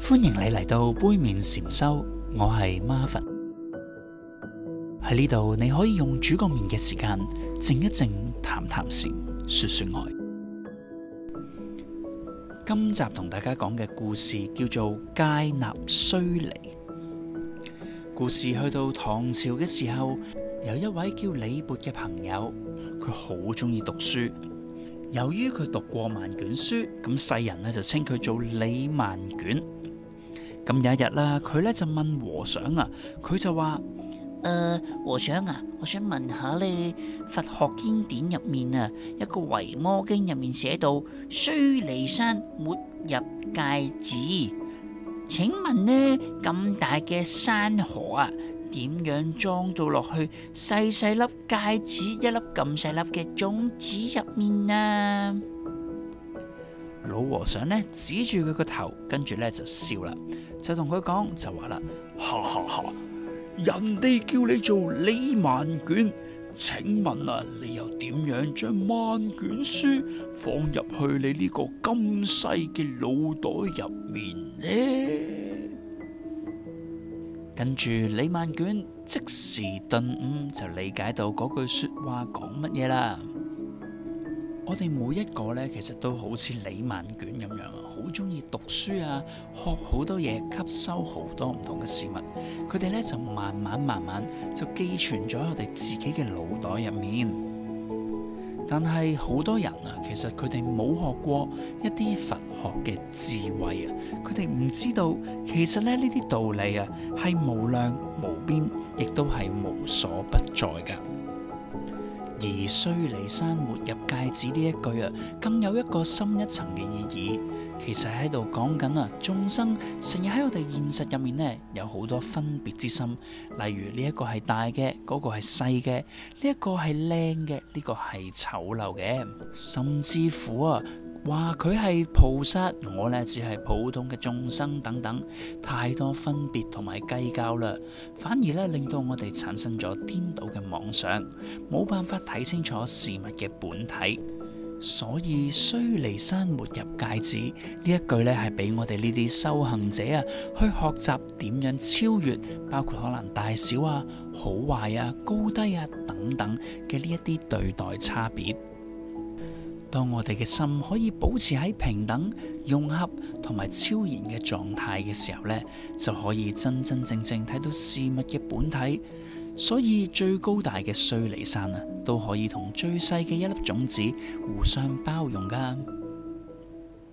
歡迎你嚟到杯麵禪修，我係 Marvin，喺呢度，你可以用煮個麵嘅時間靜一靜，談談禪，說說愛。今集同大家講嘅故事叫做《芥納須彌》。故事去到唐朝嘅時候，有一位叫李渤嘅朋友，佢好中意讀書。由於佢讀過萬卷書，咁世人呢就稱佢做李萬卷。咁有一日啦，佢咧就問和尚啊，佢就話：誒、呃，和尚啊，我想問下咧，佛學經典入面啊，一個《維摩經》入面寫到，須彌山沒入芥子，請問呢咁大嘅山河啊，點樣裝到落去細細粒芥子一粒咁細粒嘅種子入面啊？老和尚呢指住佢個頭，跟住咧就笑啦。就同佢講，就話啦，哈哈哈！人哋叫你做李萬卷，請問啊，你又點樣將萬卷書放入去你呢個咁細嘅腦袋入面呢？跟住李萬卷即時頓悟，就理解到嗰句說話講乜嘢啦。我哋每一個咧，其實都好似李萬卷咁樣啊，好中意讀書啊，學好多嘢，吸收好多唔同嘅事物。佢哋咧，就慢慢慢慢就寄存咗喺我哋自己嘅腦袋入面。但係好多人啊，其實佢哋冇學過一啲佛學嘅智慧啊，佢哋唔知道，其實咧，呢啲道理啊係無量無邊，亦都係無所不在噶。而「須彌山沒入芥子」呢一句啊，更有一個深一層嘅意義。其實喺度講緊啊，眾生成日喺我哋現實入面呢，有好多分別之心，例如呢一個係大嘅，嗰個係細嘅，呢一個係靚嘅，呢個係醜陋嘅，甚至乎啊，話佢係菩薩，我呢只係普通嘅眾生，等等太多分別同埋計較啦，反而咧令到我哋產生咗顛倒嘅妄想，冇辦法睇清楚事物嘅本體。所以須彌山沒入芥子呢一句呢，係俾我哋呢啲修行者啊去學習點樣超越，包括可能大小啊、好壞啊、高低啊等等嘅呢一啲對待差別。當我哋嘅心可以保持喺平等、融洽同埋超然嘅狀態嘅時候呢，就可以真真正正睇到事物嘅本體。所以最高大嘅須彌山啊，都可以同最細嘅一粒種子互相包容噶。